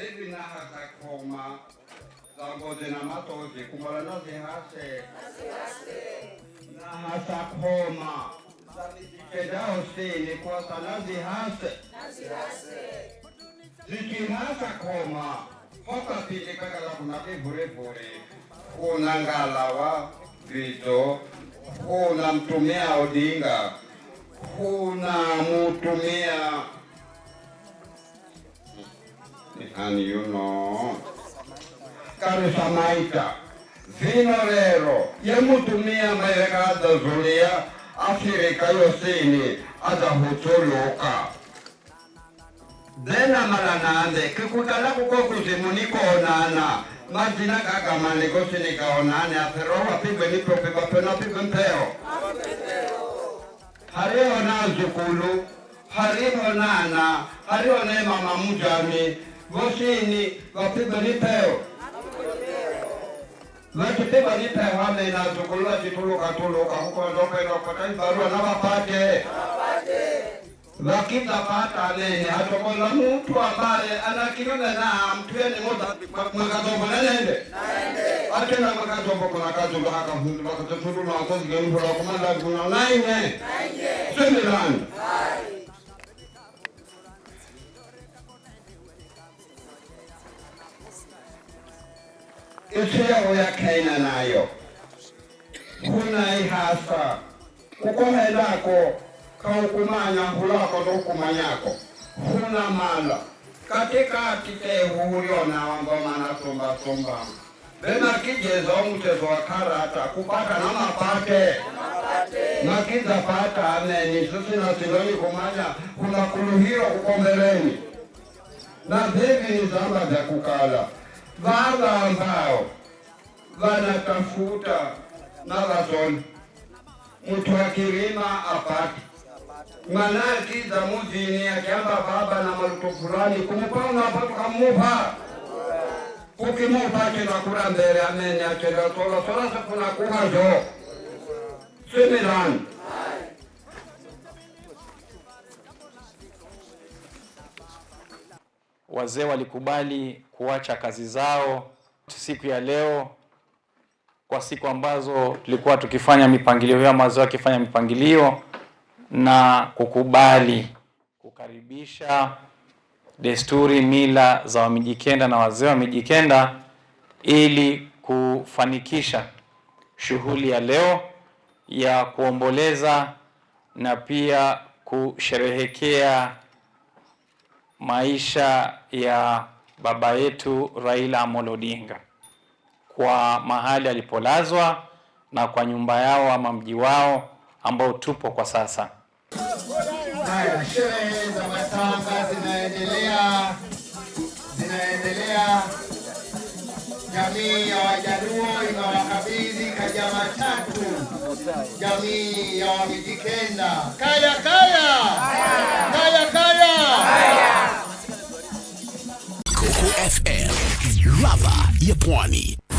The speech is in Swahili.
n'ebinaha za koma za ngozi na matozi kumolano zihase naha za koma za mizikedahosini kwasa na zihase zikihasa koma hotatilikakala kuna kivulivuli kuna ngalawa vizo kuna mtumia Odinga kuna mutumia and you know Kalusamaita vino lero yemutumia maeleka adhazulia afirika yosini adahutuluka dena malanande kikutala kuko kuzimu nikoonana majina kagamanikosi nikaonane pigwe nipopigwa pena pigwe mpeo hariho na zukulu hariho nana hariho ne mama mujami wote ni wapigwa lipeo vakipigwa lipeo ame inazungulula chitulukatuluka hukondokenokota ibarua hatomola mtu ambaye anakirune na mtuyeni mwakatombolelende atena mwakatombokola kazumba hakaakatutulunakosigeululakumalagunonaine semilanda etiyaoyakhaina nayo hunayi hasa kukohelako kaukumanya hulako noukumanyako huna mala katikati tehuuliona wangomana tumbatumba benakijezo mchezo wa karata kupata na mapate nakizapata pata aneni susina siloni kumanya kuna kuluhio ukombeleni na vivi ni zamba vya kukala wale ambao wanatafuta marathon, mtu akilima apate manaki za mujini, akiamba baba na maluto fulani kumupanga pato kamupa ukimupa kinakura mbere amene akendatola tola simirani wazee walikubali kuacha kazi zao siku ya leo, kwa siku ambazo tulikuwa tukifanya mipangilio hiyo, wazee wakifanya mipangilio na kukubali kukaribisha desturi, mila za Wamijikenda na wazee wa Mijikenda ili kufanikisha shughuli ya leo ya kuomboleza na pia kusherehekea maisha ya baba yetu Raila Amolo Odinga kwa mahali alipolazwa na kwa nyumba yao ama mji wao ambao tupo kwa sasa. Haya, sherehe za matanga zinaendelea, zinaendelea. Jamii ya Wajaluo imewakabidhi kajama tatu jamii ya Wamijikenda. Kaya kaya kaya kaya FM, ladha ya pwani.